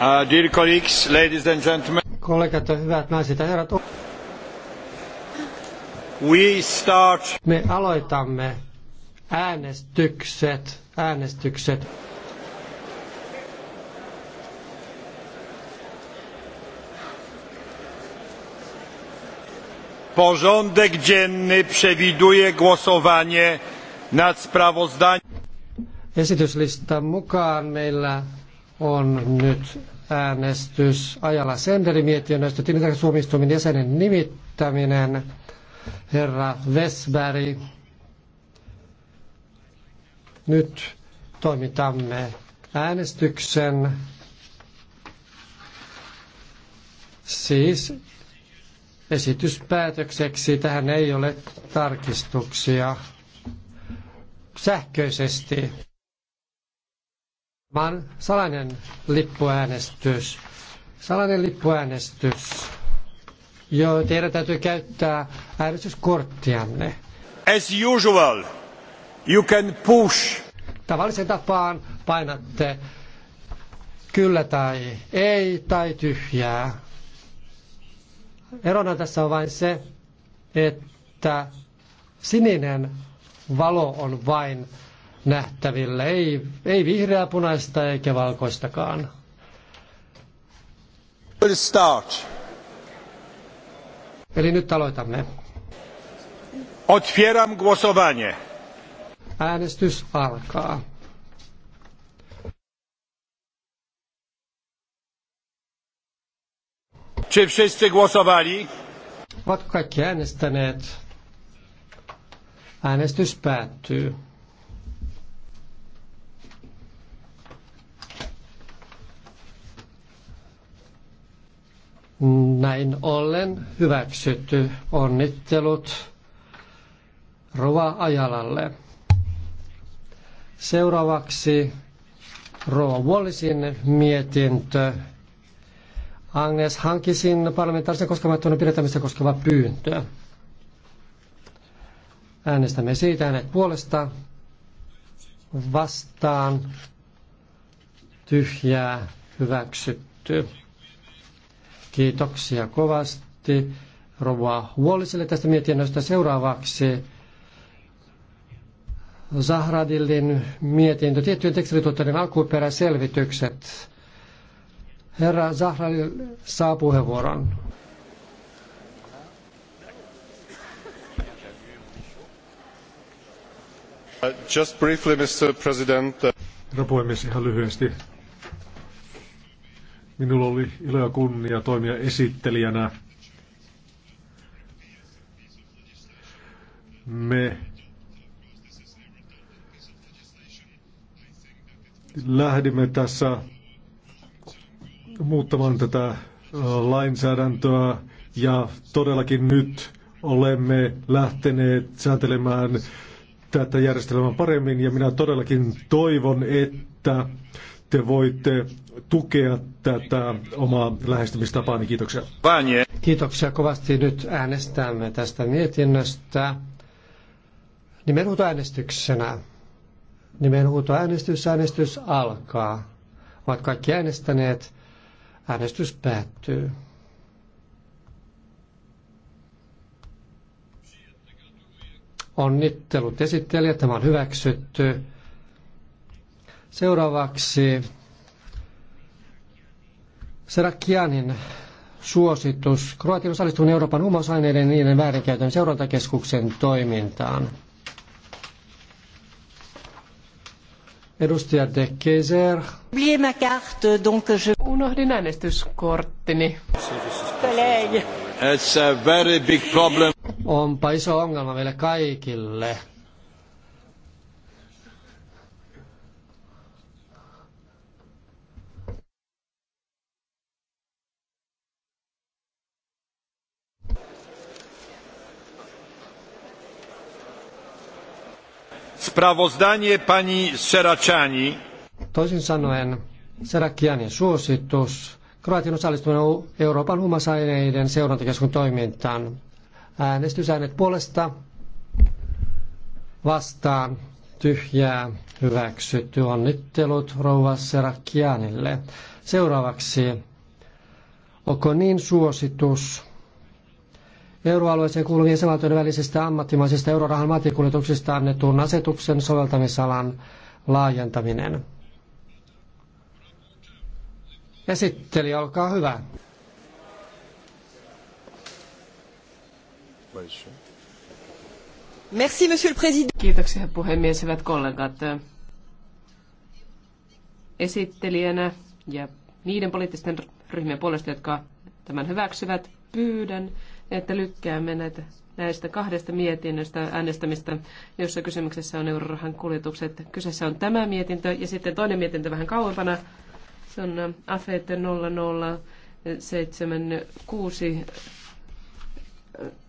Uh, dear colleagues, ladies and gentlemen. Kollegat hyvät naiset ja herrat. We start. Me aloitamme äänestykset, äänestykset. Porządek dzienny przewiduje głosowanie nad sprawozdaniem. Esityslistan mukaan meillä on nyt äänestys Ajala Senderin mietinnöstä tilintarkastusomistumin jäsenen nimittäminen. Herra Vesberg, nyt toimitamme äänestyksen. Siis esityspäätökseksi tähän ei ole tarkistuksia sähköisesti vaan salainen lippuäänestys. Salainen lippuäänestys. Joo, teidän täytyy käyttää äänestyskorttianne. As usual, you can push. Tavallisen tapaan painatte kyllä tai ei tai tyhjää. Erona tässä on vain se, että sininen valo on vain nähtävillä. Ei, ei vihreää, punaista eikä valkoistakaan. start. Eli nyt aloitamme. Otwieram głosowanie. Äänestys alkaa. Czy wszyscy głosowali? Ovatko kaikki äänestäneet? Äänestys päättyy. Näin ollen hyväksytty. Onnittelut Rova Ajalalle. Seuraavaksi Rova Wallisin mietintö. Agnes Hankisin parlamentaarisen koskemattomuuden pidetämistä koskeva pyyntö. Äänestämme siitä hänet puolesta vastaan tyhjää hyväksytty. Kiitoksia kovasti Rova Huoliselle tästä mietinnöstä. Seuraavaksi Zahradillin mietintö, tiettyjen tekstilituotteiden alkuperäselvitykset. Herra Zahradil saa puheenvuoron. Uh, just briefly, Mr. President. Herra puhemies, ihan lyhyesti Minulla oli ilo ja kunnia toimia esittelijänä. Me lähdimme tässä muuttamaan tätä lainsäädäntöä ja todellakin nyt olemme lähteneet sääntelemään tätä järjestelmää paremmin ja minä todellakin toivon, että te voitte tukea tätä omaa niin Kiitoksia. Panie. Kiitoksia kovasti. Nyt äänestämme tästä mietinnöstä nimenhuutoäänestyksenä. Nimenhuutoäänestys, äänestys alkaa. Ovat kaikki äänestäneet. Äänestys päättyy. Onnittelut esittelijät, tämä on hyväksytty. Seuraavaksi Serakianin suositus Kroatian osallistuminen Euroopan huumausaineiden ja niiden väärinkäytön seurantakeskuksen toimintaan. Edustaja De Keiser. Unohdin äänestyskorttini. It's a very big problem. Onpa iso ongelma meille kaikille. Sprawozdanie pani Seracani. Toisin sanoen Serakianin suositus Kroatian osallistuminen Euroopan huumausaineiden seurantakeskuksen toimintaan. Äänestysäänet puolesta vastaan tyhjää hyväksytty. Onnittelut rouva Serakianille. Seuraavaksi niin suositus euroalueeseen kuuluvien jäsenvaltioiden välisestä ammattimaisesta eurorahan maatikuljetuksista annetun asetuksen soveltamisalan laajentaminen. Esitteli, olkaa hyvä. Merci, monsieur le président. Kiitoksia puhemies, hyvät kollegat. Esittelijänä ja niiden poliittisten ryhmien puolesta, jotka tämän hyväksyvät, pyydän, että lykkäämme näitä, näistä kahdesta mietinnöstä äänestämistä, jossa kysymyksessä on eurorahan kuljetukset. Kyseessä on tämä mietintö ja sitten toinen mietintö vähän kauempana. Se on äh, AFET 0076 äh,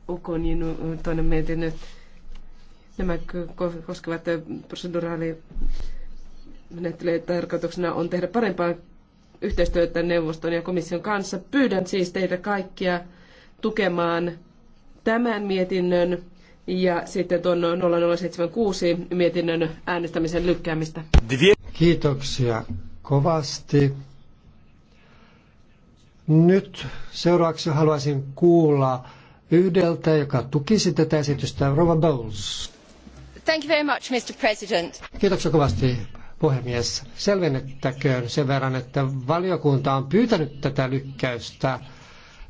Ukonin äh, toinen mietintö. Nämä koskevat proseduraalimenettelyjä tarkoituksena on tehdä parempaa yhteistyötä neuvoston ja komission kanssa. Pyydän siis teitä kaikkia tukemaan tämän mietinnön ja sitten tuon 0076 mietinnön äänestämisen lykkäämistä. Kiitoksia kovasti. Nyt seuraavaksi haluaisin kuulla yhdeltä, joka tukisi tätä esitystä, Rova Bowles. Thank you very much, Mr. President. Kiitoksia kovasti, puhemies. Selvennettäköön sen verran, että valiokunta on pyytänyt tätä lykkäystä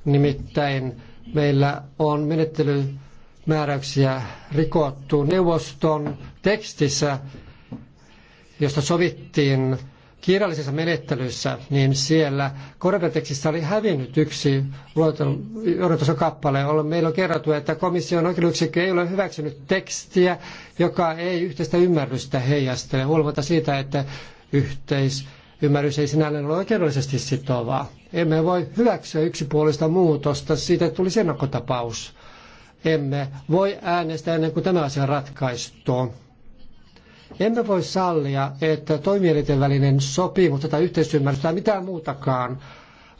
Nimittäin meillä on menettelymääräyksiä rikottu neuvoston tekstissä, josta sovittiin kirjallisessa menettelyssä, niin siellä korvatekstissä oli hävinnyt yksi luotonjohdotuksen kappale, meillä on kerrottu, että komission oikeusyksikkö ei ole hyväksynyt tekstiä, joka ei yhteistä ymmärrystä heijastele, huolimatta siitä, että yhteis ymmärrys ei sinällään ole oikeudellisesti sitovaa. Emme voi hyväksyä yksipuolista muutosta, siitä tulisi ennakkotapaus. Emme voi äänestää ennen kuin tämä asia ratkaistuu. Emme voi sallia, että toimielinten välinen sopimus tai yhteisymmärrys tai mitään muutakaan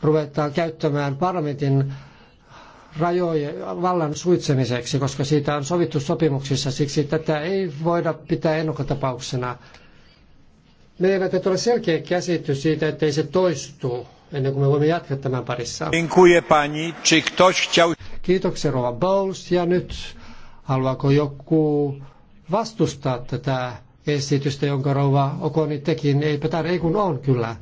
ruvetaan käyttämään parlamentin rajojen vallan suitsemiseksi, koska siitä on sovittu sopimuksissa. Siksi tätä ei voida pitää ennakkotapauksena. Meillä ei välttämättä ole selkeä käsitys siitä, ettei se toistu ennen kuin me voimme jatkaa tämän parissa. Kiitoksia Rova Bowles ja nyt haluaako joku vastustaa tätä esitystä, jonka Rova Okoni teki, eipä täällä ei kun on kyllä.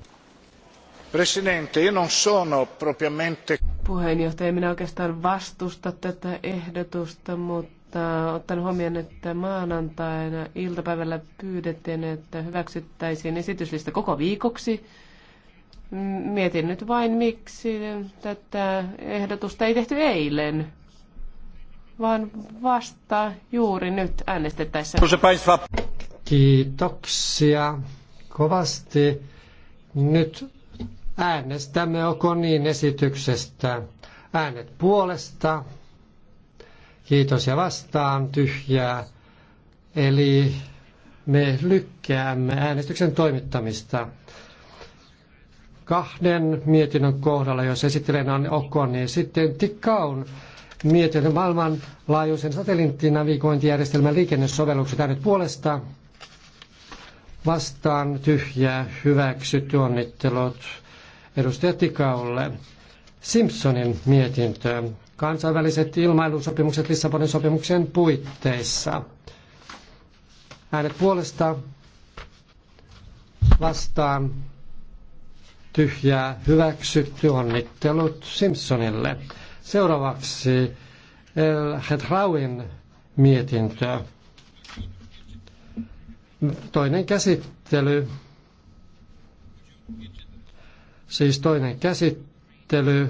Presidente, io non sono propriamente... Puheenjohtaja, minä oikeastaan vastusta tätä ehdotusta, mutta mutta otan huomioon, että maanantaina iltapäivällä pyydettiin, että hyväksyttäisiin esityslista koko viikoksi. Mietin nyt vain, miksi tätä ehdotusta ei tehty eilen, vaan vasta juuri nyt äänestettäessä. Kiitoksia kovasti. Nyt äänestämme Okonin esityksestä. Äänet puolesta, Kiitos ja vastaan tyhjää. Eli me lykkäämme äänestyksen toimittamista. Kahden mietinnön kohdalla, jos esittelen on OK, niin sitten tikkaun mietinnön maailmanlaajuisen satelliittinavigointijärjestelmän liikennesovellukset äänet puolesta. Vastaan tyhjää hyväksytty onnittelut edustaja Tikaulle. Simpsonin mietintö kansainväliset ilmailusopimukset Lissabonin sopimuksen puitteissa. Äänet puolesta vastaan tyhjää hyväksytty onnittelut Simpsonille. Seuraavaksi El Hedrauin mietintö. Toinen käsittely. Siis toinen käsittely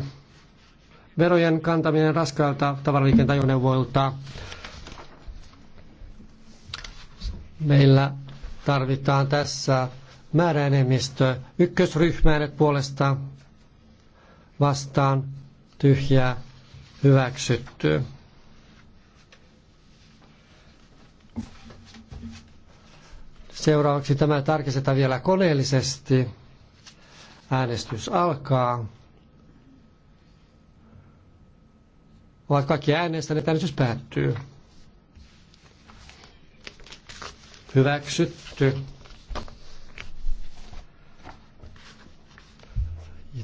verojen kantaminen raskailta tavaraliikenteen ajoneuvoilta. Meillä tarvitaan tässä määräenemmistö ykkösryhmään puolesta vastaan tyhjää hyväksyttyä. Seuraavaksi tämä tarkistetaan vielä koneellisesti. Äänestys alkaa. ovat kaikki äänestäneet, äänestys päättyy. Hyväksytty.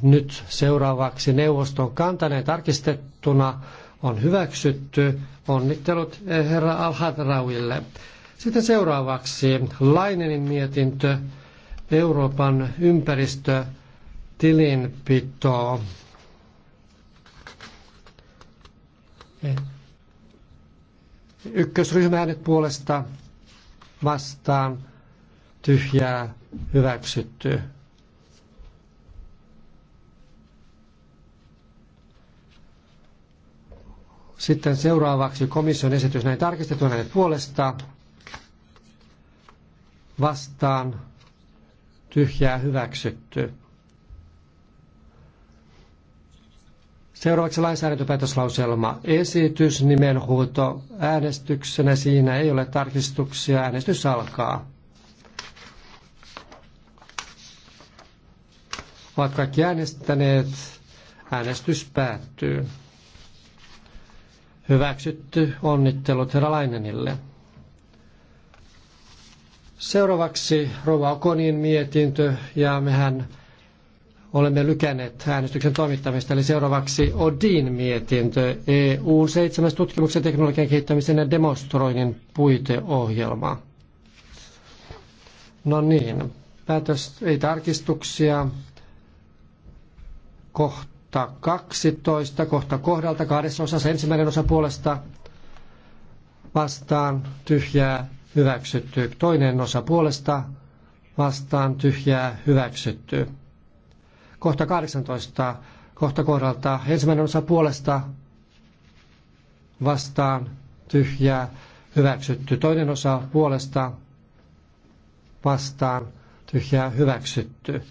Nyt seuraavaksi neuvoston kantaneen tarkistettuna on hyväksytty. Onnittelut eh, herra Al-Hadrauille. Sitten seuraavaksi Lainenin mietintö Euroopan ympäristötilinpitoa. Ykkösryhmä nyt puolesta vastaan tyhjää hyväksytty. Sitten seuraavaksi komission esitys näin tarkistetun näin puolesta vastaan tyhjää hyväksytty. Seuraavaksi lainsäädäntöpäätöslauselma esitys nimenhuuto äänestyksenä. Siinä ei ole tarkistuksia. Äänestys alkaa. Ovat kaikki äänestäneet. Äänestys päättyy. Hyväksytty. Onnittelut herra Lainenille. Seuraavaksi Rova Okonin mietintö ja mehän olemme lykänneet äänestyksen toimittamista. Eli seuraavaksi Odin mietintö, EU 7 tutkimuksen teknologian kehittämisen ja demonstroinnin puiteohjelma. No niin, päätös ei tarkistuksia. Kohta 12, kohta kohdalta, kahdessa osassa ensimmäinen osa puolesta vastaan tyhjää hyväksytty. Toinen osa puolesta vastaan tyhjää hyväksytty kohta 18 kohta kohdalta. Ensimmäinen osa puolesta vastaan tyhjää hyväksytty. Toinen osa puolesta vastaan tyhjää hyväksytty.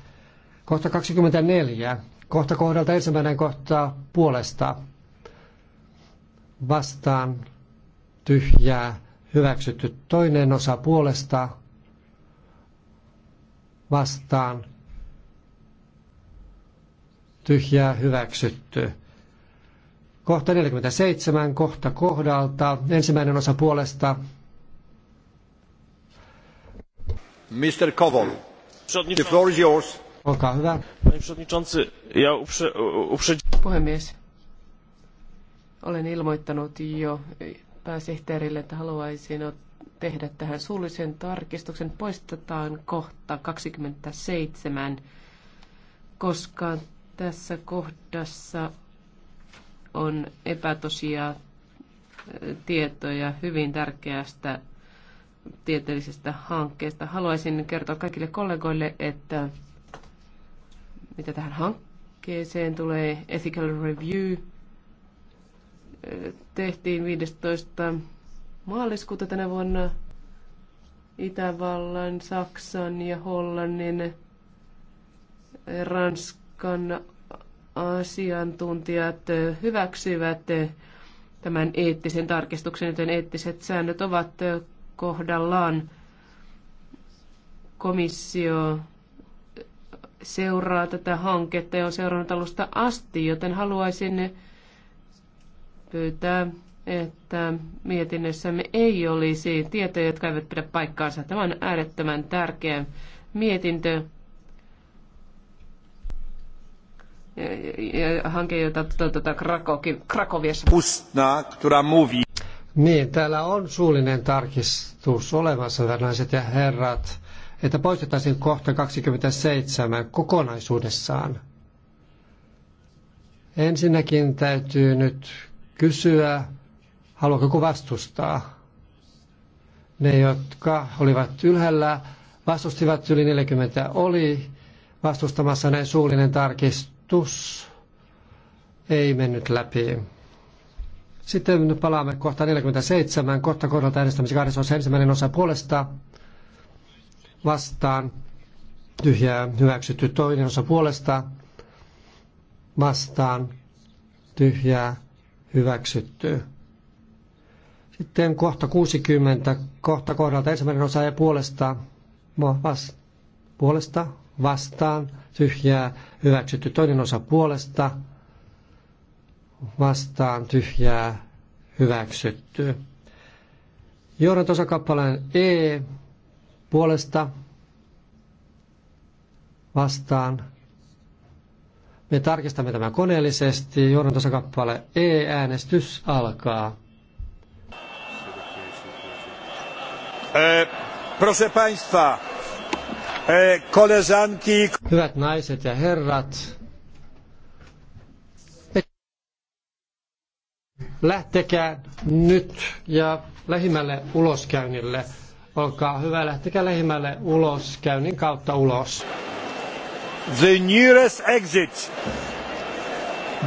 Kohta 24. Kohta kohdalta ensimmäinen kohta puolesta vastaan tyhjää hyväksytty. Toinen osa puolesta vastaan tyhjää hyväksytty. Kohta 47, kohta kohdalta, ensimmäinen osa puolesta. Mr. Kowal, the floor is yours. Olkaa hyvä. Puhemies, olen ilmoittanut jo pääsihteerille, että haluaisin tehdä tähän suullisen tarkistuksen. Poistetaan kohta 27, koska tässä kohdassa on epätosia tietoja hyvin tärkeästä tieteellisestä hankkeesta. Haluaisin kertoa kaikille kollegoille, että mitä tähän hankkeeseen tulee, Ethical Review tehtiin 15. maaliskuuta tänä vuonna Itävallan, Saksan ja Hollannin, Ranskan Ranskan asiantuntijat eh, hyväksyvät eh, tämän eettisen tarkistuksen, joten eettiset säännöt ovat eh, kohdallaan. Komissio seuraa tätä hanketta ja on seurannut alusta asti, joten haluaisin pyytää, että mietinnössämme ei olisi tietoja, jotka eivät pidä paikkaansa. Tämä on äärettömän tärkeä mietintö hanke, jota toteutetaan Krakoviassa. Pustna, która mówi. Niin, täällä on suullinen tarkistus olemassa, hyvät naiset ja herrat, että poistettaisiin kohta 27 kokonaisuudessaan. Ensinnäkin täytyy nyt kysyä, haluaako joku vastustaa? Ne, jotka olivat ylhäällä, vastustivat yli 40 oli vastustamassa näin suullinen tarkistus ehdotus ei mennyt läpi. Sitten palaamme kohta 47, kohta kohdalta äänestämisen 21. osa puolesta vastaan, tyhjää hyväksytty toinen osa puolesta vastaan, tyhjää hyväksytty. Sitten kohta 60, kohta kohdalta ensimmäinen osa ja puolesta, vas, puolesta vastaan, tyhjää, hyväksytty. Toinen osa puolesta, vastaan, tyhjää, hyväksytty. Johdat osakappaleen E puolesta, vastaan. Me tarkistamme tämän koneellisesti. Johdan osakappaleen E-äänestys alkaa. E, proszę Państwa, Eh, koleżanki. Hyvät naiset ja herrat, lähtekää nyt ja lähimmälle uloskäynnille. Olkaa hyvä, lähtekää lähimmälle uloskäynnin kautta ulos. The nearest exit.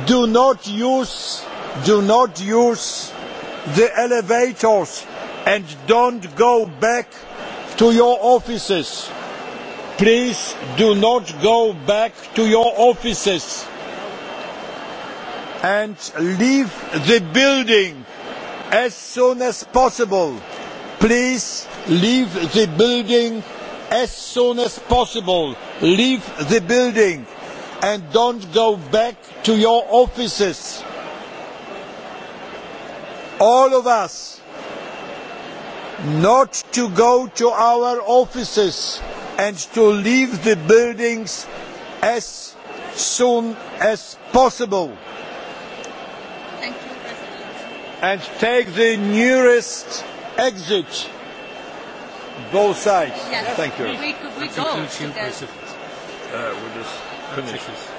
Do not use, do not use the elevators and don't go back to your offices. Please do not go back to your offices and leave the building as soon as possible. Please leave the building as soon as possible. Leave the building and don't go back to your offices. All of us not to go to our offices and to leave the buildings as soon as possible. Thank you, President. And take the nearest exit. Both sides. Yes. Thank you. We, we, we go. Uh, we just finishes.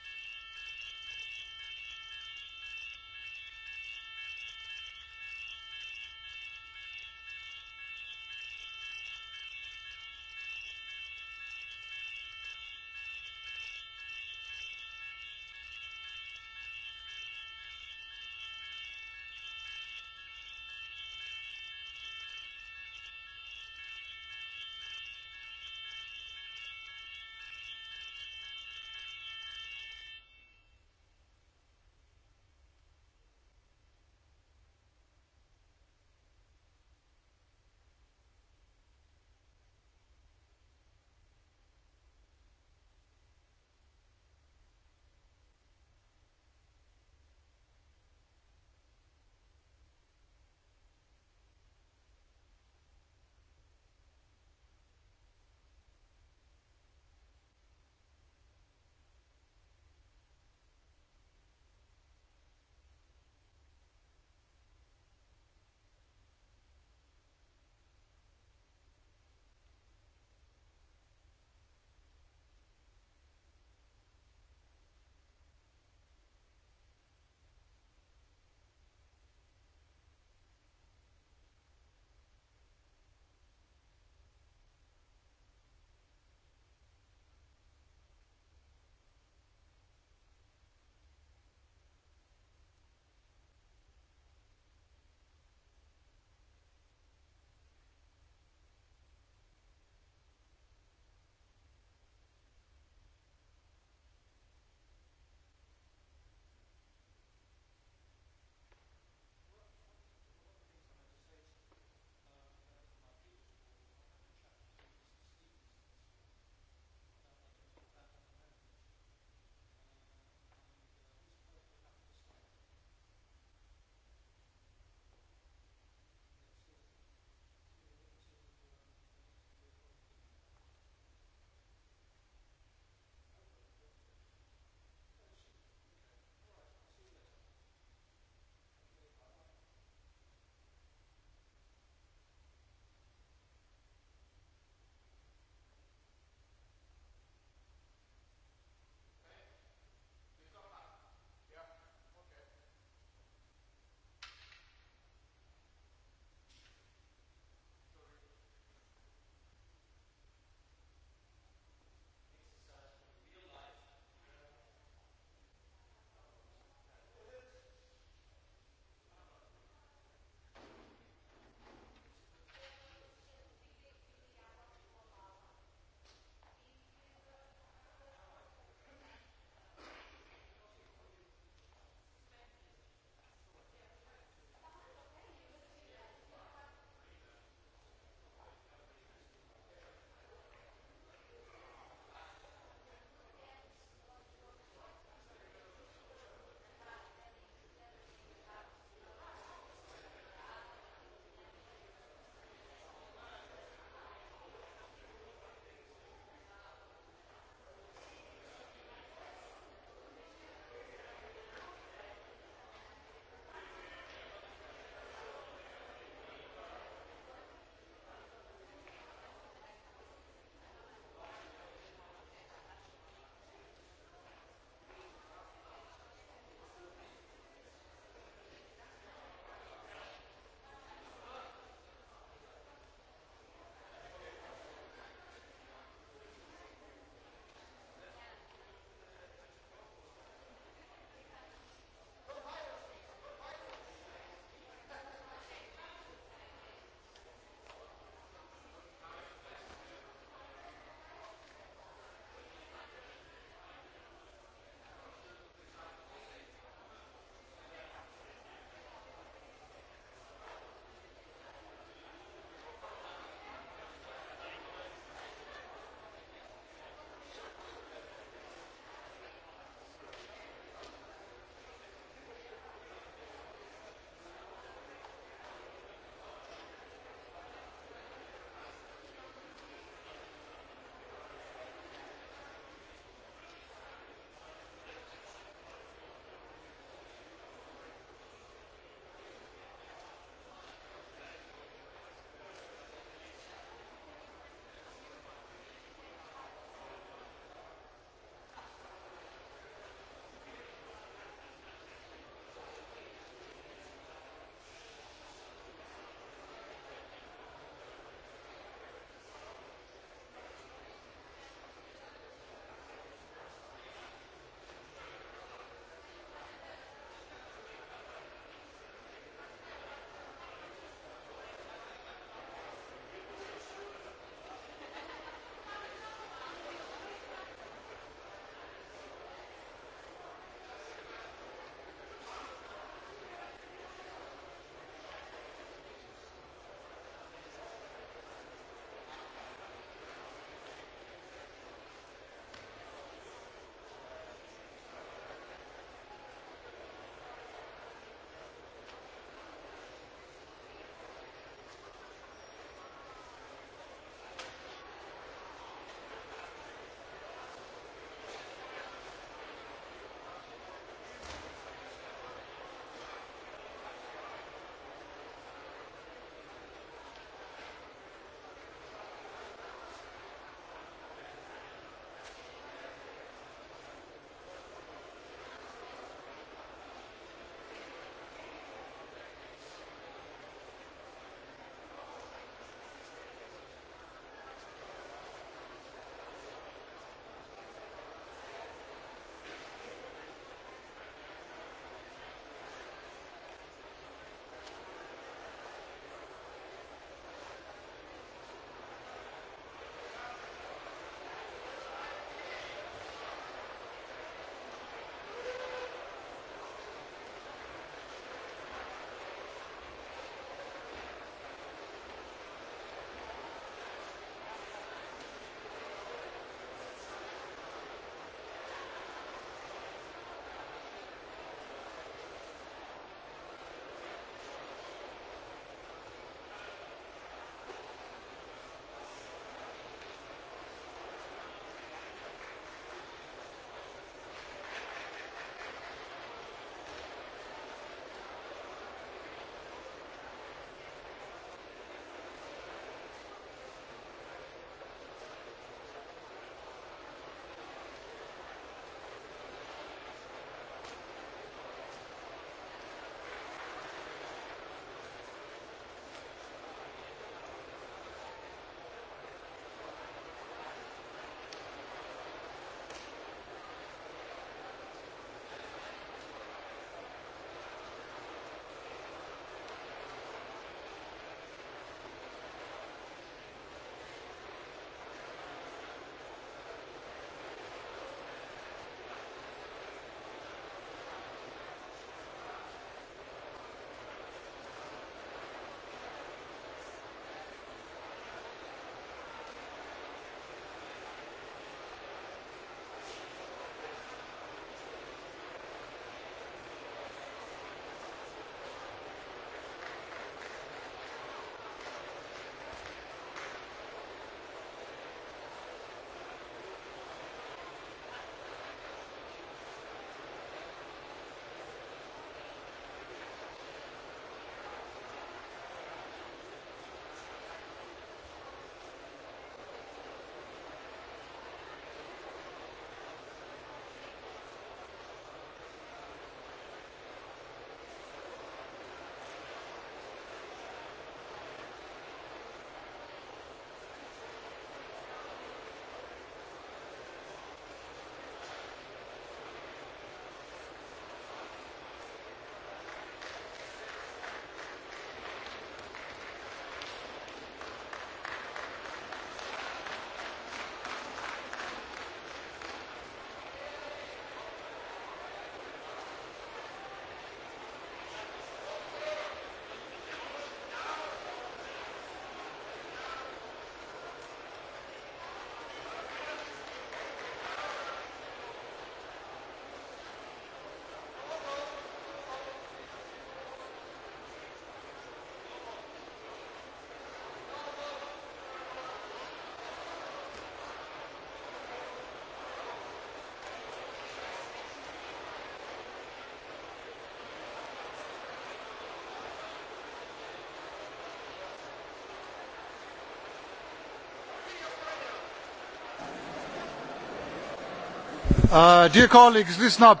Uh, dear colleagues, listen up.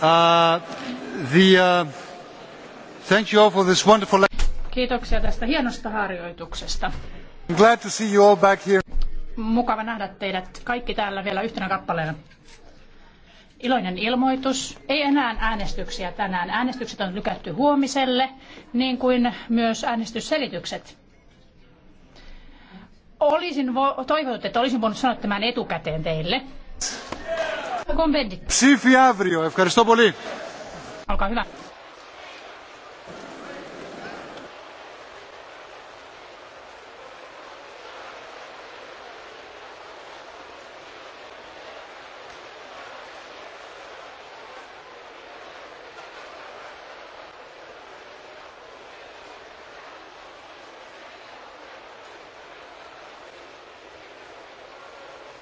Uh, the, uh, thank you all for this wonderful... Kiitoksia tästä hienosta harjoituksesta. I'm glad to see you all back here. Mukava nähdä teidät kaikki täällä vielä yhtenä kappaleena. Iloinen ilmoitus. Ei enää äänestyksiä tänään. Äänestykset on lykätty huomiselle, niin kuin myös äänestysselitykset. Olisin vo- toivonut, että olisin voinut sanoa tämän etukäteen teille. Ψήφι αύριο. Ευχαριστώ πολύ. hyvä.